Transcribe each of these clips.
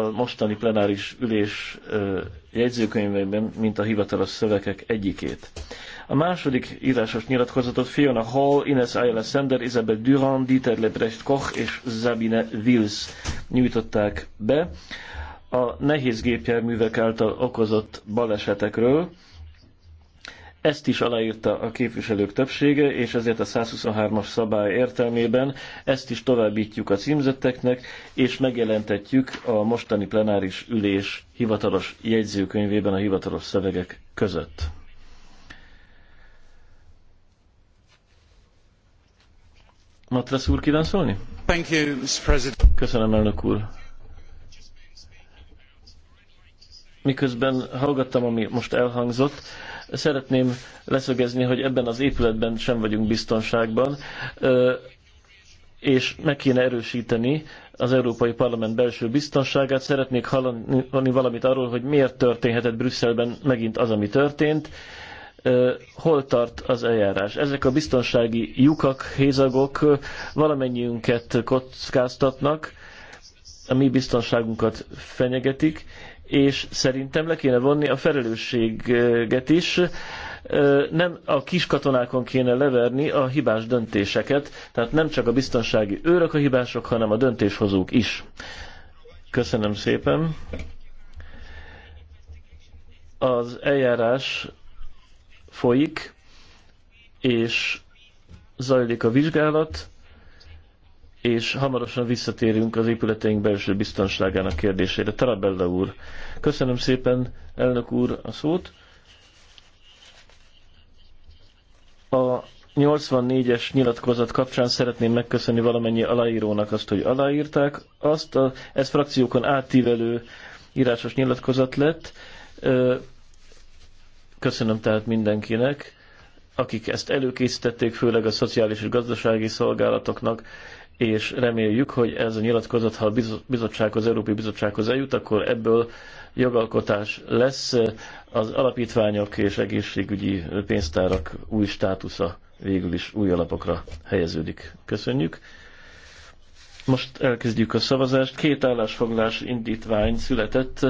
a mostani plenáris ülés jegyzőkönyveiben, mint a hivatalos szövegek egyikét. A második írásos nyilatkozatot Fiona Hall, Ines Ayala Sender, Isabel Durand, Dieter Lebrecht Koch és Zabine Wills nyújtották be a nehéz gépjárművek által okozott balesetekről, ezt is aláírta a képviselők többsége, és ezért a 123-as szabály értelmében ezt is továbbítjuk a címzetteknek, és megjelentetjük a mostani plenáris ülés hivatalos jegyzőkönyvében a hivatalos szövegek között. Matrasz úr kíván szólni? Thank you, Mr. President. Köszönöm, elnök úr. Miközben hallgattam, ami most elhangzott, Szeretném leszögezni, hogy ebben az épületben sem vagyunk biztonságban, és meg kéne erősíteni az Európai Parlament belső biztonságát. Szeretnék hallani valamit arról, hogy miért történhetett Brüsszelben megint az, ami történt hol tart az eljárás. Ezek a biztonsági lyukak, hézagok valamennyiünket kockáztatnak, a mi biztonságunkat fenyegetik, és szerintem le kéne vonni a felelősséget is, nem a kis katonákon kéne leverni a hibás döntéseket, tehát nem csak a biztonsági őrök a hibások, hanem a döntéshozók is. Köszönöm szépen. Az eljárás folyik, és zajlik a vizsgálat és hamarosan visszatérünk az épületeink belső biztonságának kérdésére. Tarabella úr, köszönöm szépen, elnök úr, a szót. A 84-es nyilatkozat kapcsán szeretném megköszönni valamennyi aláírónak azt, hogy aláírták. Azt a, ez frakciókon átívelő írásos nyilatkozat lett. Köszönöm tehát mindenkinek, akik ezt előkészítették, főleg a szociális és gazdasági szolgálatoknak, és reméljük, hogy ez a nyilatkozat, ha a bizottsághoz, Európai Bizottsághoz eljut, akkor ebből jogalkotás lesz az alapítványok és egészségügyi pénztárak új státusza végül is új alapokra helyeződik. Köszönjük. Most elkezdjük a szavazást. Két állásfoglás indítvány született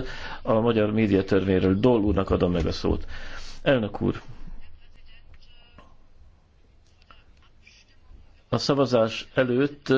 a magyar médiatörvényről. Dól úrnak adom meg a szót. Elnök úr, a szavazás előtt